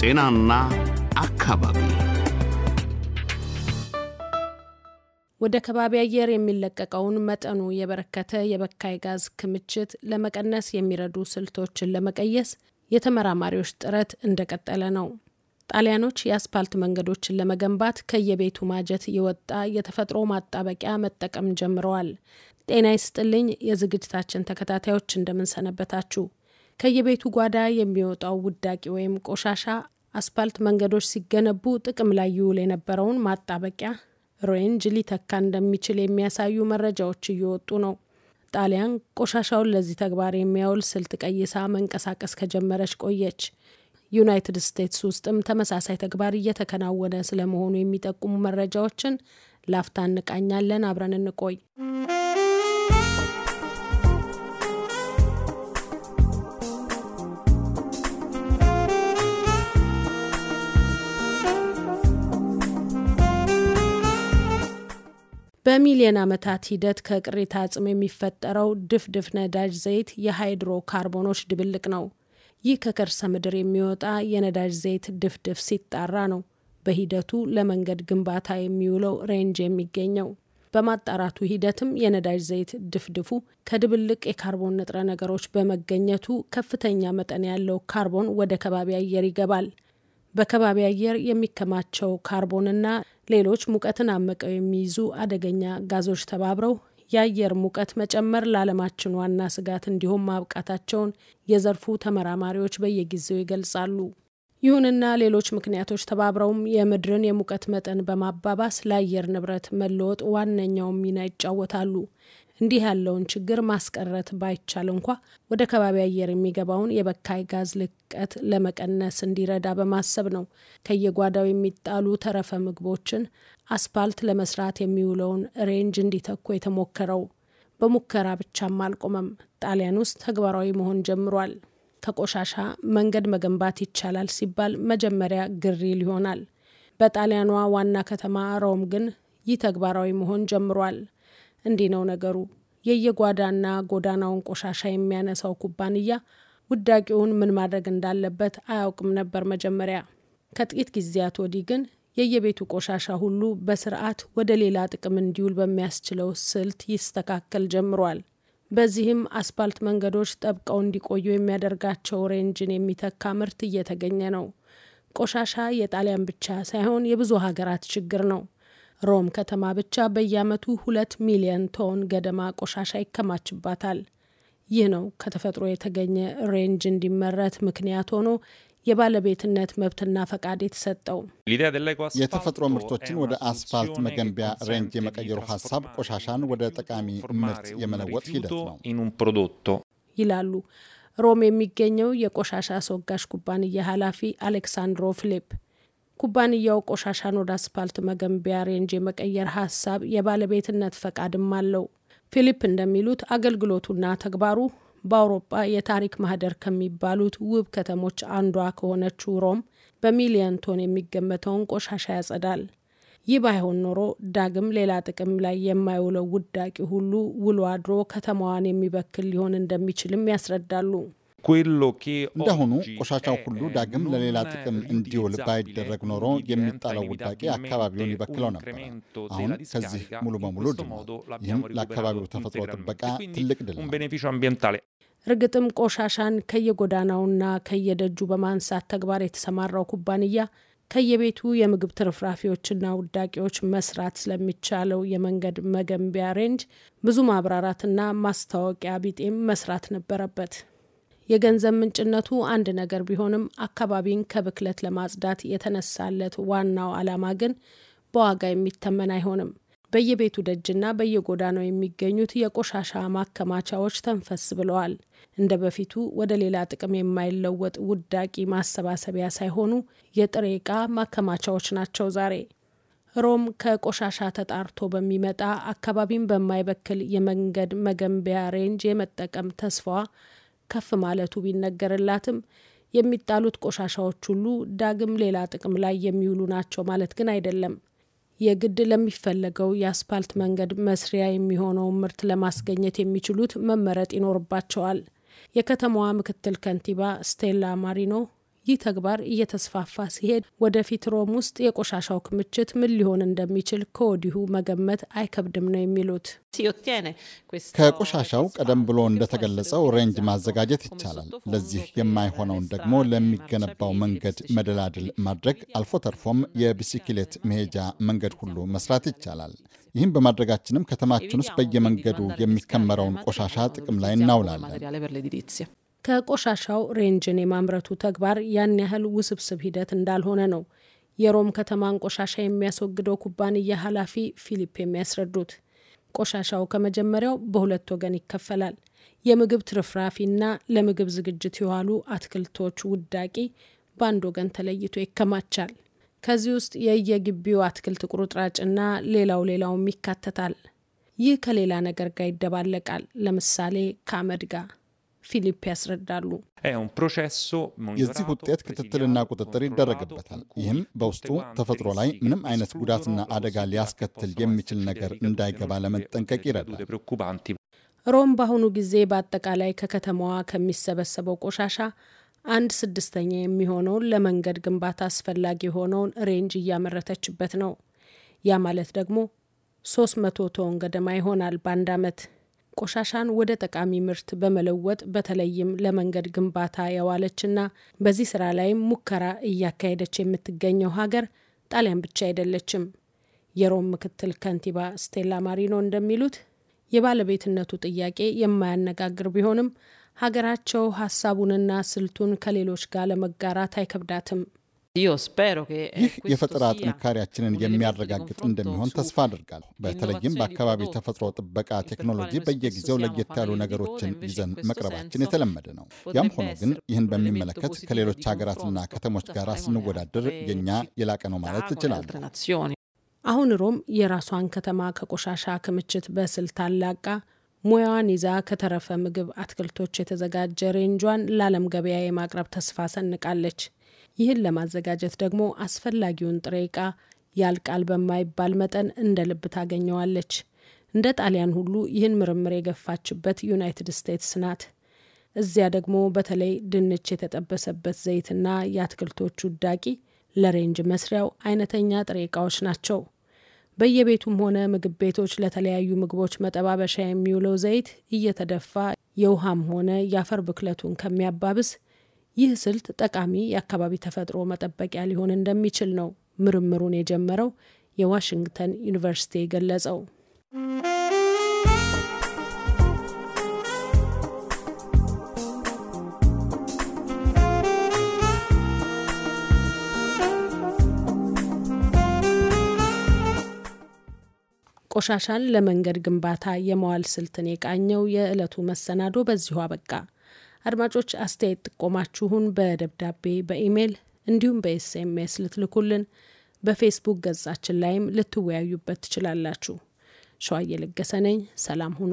ጤናና አካባቢ ወደ ከባቢ አየር የሚለቀቀውን መጠኑ የበረከተ የበካይ ጋዝ ክምችት ለመቀነስ የሚረዱ ስልቶችን ለመቀየስ የተመራማሪዎች ጥረት እንደቀጠለ ነው። ጣሊያኖች የአስፓልት መንገዶችን ለመገንባት ከየቤቱ ማጀት የወጣ የተፈጥሮ ማጣበቂያ መጠቀም ጀምረዋል። ጤና ይስጥልኝ የዝግጅታችን ተከታታዮች እንደምንሰነበታችሁ። ከየቤቱ ጓዳ የሚወጣው ውዳቂ ወይም ቆሻሻ አስፓልት መንገዶች ሲገነቡ ጥቅም ላይ ይውል የነበረውን ማጣበቂያ ሬንጅ ሊተካ እንደሚችል የሚያሳዩ መረጃዎች እየወጡ ነው። ጣሊያን ቆሻሻውን ለዚህ ተግባር የሚያውል ስልት ቀይሳ መንቀሳቀስ ከጀመረች ቆየች። ዩናይትድ ስቴትስ ውስጥም ተመሳሳይ ተግባር እየተከናወነ ስለመሆኑ የሚጠቁሙ መረጃዎችን ላፍታ እንቃኛለን። አብረን እንቆይ። በሚሊዮን ዓመታት ሂደት ከቅሪተ አጽም የሚፈጠረው ድፍድፍ ነዳጅ ዘይት የሃይድሮ ካርቦኖች ድብልቅ ነው። ይህ ከከርሰ ምድር የሚወጣ የነዳጅ ዘይት ድፍድፍ ሲጣራ ነው በሂደቱ ለመንገድ ግንባታ የሚውለው ሬንጅ የሚገኘው። በማጣራቱ ሂደትም የነዳጅ ዘይት ድፍድፉ ከድብልቅ የካርቦን ንጥረ ነገሮች በመገኘቱ ከፍተኛ መጠን ያለው ካርቦን ወደ ከባቢ አየር ይገባል። በከባቢ አየር የሚከማቸው ካርቦንና ሌሎች ሙቀትን አመቀው የሚይዙ አደገኛ ጋዞች ተባብረው የአየር ሙቀት መጨመር ለዓለማችን ዋና ስጋት እንዲሆን ማብቃታቸውን የዘርፉ ተመራማሪዎች በየጊዜው ይገልጻሉ። ይሁንና ሌሎች ምክንያቶች ተባብረውም የምድርን የሙቀት መጠን በማባባስ ለአየር ንብረት መለወጥ ዋነኛውን ሚና ይጫወታሉ። እንዲህ ያለውን ችግር ማስቀረት ባይቻል እንኳ ወደ ከባቢ አየር የሚገባውን የበካይ ጋዝ ልቀት ለመቀነስ እንዲረዳ በማሰብ ነው ከየጓዳው የሚጣሉ ተረፈ ምግቦችን አስፋልት ለመስራት የሚውለውን ሬንጅ እንዲተኩ የተሞከረው። በሙከራ ብቻም አልቆመም። ጣሊያን ውስጥ ተግባራዊ መሆን ጀምሯል። ከቆሻሻ መንገድ መገንባት ይቻላል ሲባል መጀመሪያ ግሪል ይሆናል። በጣሊያኗ ዋና ከተማ ሮም ግን ይህ ተግባራዊ መሆን ጀምሯል። እንዲህ ነው ነገሩ። የየጓዳና ጎዳናውን ቆሻሻ የሚያነሳው ኩባንያ ውዳቂውን ምን ማድረግ እንዳለበት አያውቅም ነበር መጀመሪያ። ከጥቂት ጊዜያት ወዲህ ግን የየቤቱ ቆሻሻ ሁሉ በስርዓት ወደ ሌላ ጥቅም እንዲውል በሚያስችለው ስልት ይስተካከል ጀምሯል። በዚህም አስፓልት መንገዶች ጠብቀው እንዲቆዩ የሚያደርጋቸው ሬንጅን የሚተካ ምርት እየተገኘ ነው። ቆሻሻ የጣሊያን ብቻ ሳይሆን የብዙ ሀገራት ችግር ነው። ሮም ከተማ ብቻ በየዓመቱ ሁለት ሚሊዮን ቶን ገደማ ቆሻሻ ይከማችባታል። ይህ ነው ከተፈጥሮ የተገኘ ሬንጅ እንዲመረት ምክንያት ሆኖ የባለቤትነት መብትና ፈቃድ የተሰጠው። የተፈጥሮ ምርቶችን ወደ አስፋልት መገንቢያ ሬንጅ የመቀየሩ ሀሳብ ቆሻሻን ወደ ጠቃሚ ምርት የመለወጥ ሂደት ነው ይላሉ ሮም የሚገኘው የቆሻሻ አስወጋሽ ኩባንያ ኃላፊ አሌክሳንድሮ ፊሊፕ። ኩባንያው ቆሻሻን ወደ አስፋልት መገንቢያ ሬንጅ የመቀየር ሀሳብ የባለቤትነት ፈቃድም አለው። ፊሊፕ እንደሚሉት አገልግሎቱና ተግባሩ በአውሮፓ የታሪክ ማህደር ከሚባሉት ውብ ከተሞች አንዷ ከሆነችው ሮም በሚሊዮን ቶን የሚገመተውን ቆሻሻ ያጸዳል። ይህ ባይሆን ኖሮ ዳግም ሌላ ጥቅም ላይ የማይውለው ውዳቂ ሁሉ ውሎ አድሮ ከተማዋን የሚበክል ሊሆን እንደሚችልም ያስረዳሉ። እንደሆኑ ቆሻሻው ሁሉ eh, ዳግም ለሌላ ጥቅም እንዲውል ባይደረግ ኖሮ የሚጣለው ውዳቄ አካባቢውን ይበክለው ነበር። አሁን ከዚህ ሙሉ በሙሉ ድኗል። ይህም ለአካባቢው ተፈጥሮ ጥበቃ e ትልቅ ድል እርግጥም ቆሻሻን ከየጎዳናውና ከየደጁ በማንሳት ተግባር የተሰማራው ኩባንያ ከየቤቱ የምግብ ትርፍራፊዎችና ውዳቂዎች መስራት ስለሚቻለው የመንገድ መገንቢያ ሬንጅ ብዙ ማብራራትና ማስታወቂያ ቢጤም መስራት ነበረበት። የገንዘብ ምንጭነቱ አንድ ነገር ቢሆንም አካባቢን ከብክለት ለማጽዳት የተነሳለት ዋናው ዓላማ ግን በዋጋ የሚተመን አይሆንም። በየቤቱ ደጅና በየጎዳናው የሚገኙት የቆሻሻ ማከማቻዎች ተንፈስ ብለዋል። እንደ በፊቱ ወደ ሌላ ጥቅም የማይለወጥ ውዳቂ ማሰባሰቢያ ሳይሆኑ የጥሬ ዕቃ ማከማቻዎች ናቸው። ዛሬ ሮም ከቆሻሻ ተጣርቶ በሚመጣ አካባቢን በማይበክል የመንገድ መገንቢያ ሬንጅ የመጠቀም ተስፋዋ ከፍ ማለቱ ቢነገርላትም የሚጣሉት ቆሻሻዎች ሁሉ ዳግም ሌላ ጥቅም ላይ የሚውሉ ናቸው ማለት ግን አይደለም። የግድ ለሚፈለገው የአስፓልት መንገድ መስሪያ የሚሆነውን ምርት ለማስገኘት የሚችሉት መመረጥ ይኖርባቸዋል። የከተማዋ ምክትል ከንቲባ ስቴላ ማሪኖ ይህ ተግባር እየተስፋፋ ሲሄድ ወደፊት ሮም ውስጥ የቆሻሻው ክምችት ምን ሊሆን እንደሚችል ከወዲሁ መገመት አይከብድም ነው የሚሉት። ከቆሻሻው ቀደም ብሎ እንደተገለጸው ሬንጅ ማዘጋጀት ይቻላል። ለዚህ የማይሆነውን ደግሞ ለሚገነባው መንገድ መደላድል ማድረግ አልፎ ተርፎም የቢሲክሌት መሄጃ መንገድ ሁሉ መስራት ይቻላል። ይህም በማድረጋችንም ከተማችን ውስጥ በየመንገዱ የሚከመረውን ቆሻሻ ጥቅም ላይ እናውላለን። ከቆሻሻው ሬንጅን የማምረቱ ተግባር ያን ያህል ውስብስብ ሂደት እንዳልሆነ ነው የሮም ከተማን ቆሻሻ የሚያስወግደው ኩባንያ ኃላፊ ፊሊፕ የሚያስረዱት። ቆሻሻው ከመጀመሪያው በሁለት ወገን ይከፈላል። የምግብ ትርፍራፊና ለምግብ ዝግጅት የዋሉ አትክልቶች ውዳቂ በአንድ ወገን ተለይቶ ይከማቻል። ከዚህ ውስጥ የየግቢው አትክልት ቁርጥራጭና ሌላው ሌላውም ይካተታል። ይህ ከሌላ ነገር ጋር ይደባለቃል፣ ለምሳሌ ከአመድ ጋር። ፊሊፕ ያስረዳሉ። የዚህ ውጤት ክትትልና ቁጥጥር ይደረግበታል። ይህም በውስጡ ተፈጥሮ ላይ ምንም አይነት ጉዳትና አደጋ ሊያስከትል የሚችል ነገር እንዳይገባ ለመጠንቀቅ ይረዳል። ሮም በአሁኑ ጊዜ በአጠቃላይ ከከተማዋ ከሚሰበሰበው ቆሻሻ አንድ ስድስተኛ የሚሆነውን ለመንገድ ግንባታ አስፈላጊ የሆነውን ሬንጅ እያመረተችበት ነው። ያ ማለት ደግሞ 300 ቶን ገደማ ይሆናል በአንድ ዓመት። ቆሻሻን ወደ ጠቃሚ ምርት በመለወጥ በተለይም ለመንገድ ግንባታ የዋለችና በዚህ ስራ ላይም ሙከራ እያካሄደች የምትገኘው ሀገር ጣሊያን ብቻ አይደለችም። የሮም ምክትል ከንቲባ ስቴላ ማሪኖ እንደሚሉት የባለቤትነቱ ጥያቄ የማያነጋግር ቢሆንም ሀገራቸው ሀሳቡንና ስልቱን ከሌሎች ጋር ለመጋራት አይከብዳትም። Eh, ይህ የፈጠራ ጥንካሬያችንን የሚያረጋግጥ እንደሚሆን ተስፋ አድርጋለሁ። በተለይም በአካባቢ ተፈጥሮ ጥበቃ ቴክኖሎጂ በየጊዜው ለየት ያሉ ነገሮችን ይዘን መቅረባችን የተለመደ ነው። ያም ሆኖ ግን ይህን በሚመለከት ከሌሎች ሀገራትና ከተሞች ጋር ስንወዳደር የእኛ e የላቀ ነው ማለት እችላለሁ። አሁን ሮም የራሷን ከተማ ከቆሻሻ ክምችት በስልት አላቃ ሙያዋን ይዛ ከተረፈ ምግብ አትክልቶች የተዘጋጀ ሬንጇን ለዓለም ገበያ የማቅረብ ተስፋ ሰንቃለች። ይህን ለማዘጋጀት ደግሞ አስፈላጊውን ጥሬ ያል ያልቃል በማይባል መጠን እንደ ልብ ታገኘዋለች። እንደ ጣሊያን ሁሉ ይህን ምርምር የገፋችበት ዩናይትድ ስቴትስ ናት። እዚያ ደግሞ በተለይ ድንች የተጠበሰበት ዘይትና የአትክልቶቹ ዳቂ ለሬንጅ መስሪያው አይነተኛ ጥሬ እቃዎች ናቸው። በየቤቱም ሆነ ምግብ ቤቶች ለተለያዩ ምግቦች መጠባበሻ የሚውለው ዘይት እየተደፋ የውሃም ሆነ የአፈር ብክለቱን ከሚያባብስ ይህ ስልት ጠቃሚ የአካባቢ ተፈጥሮ መጠበቂያ ሊሆን እንደሚችል ነው ምርምሩን የጀመረው የዋሽንግተን ዩኒቨርሲቲ የገለጸው። ቆሻሻን ለመንገድ ግንባታ የመዋል ስልትን የቃኘው የዕለቱ መሰናዶ በዚሁ አበቃ። አድማጮች አስተያየት ጥቆማችሁን በደብዳቤ በኢሜይል እንዲሁም በኤስኤምኤስ ልትልኩልን በፌስቡክ ገጻችን ላይም ልትወያዩበት ትችላላችሁ። ሸዋየ ለገሰ ነኝ። ሰላም ሁኑ።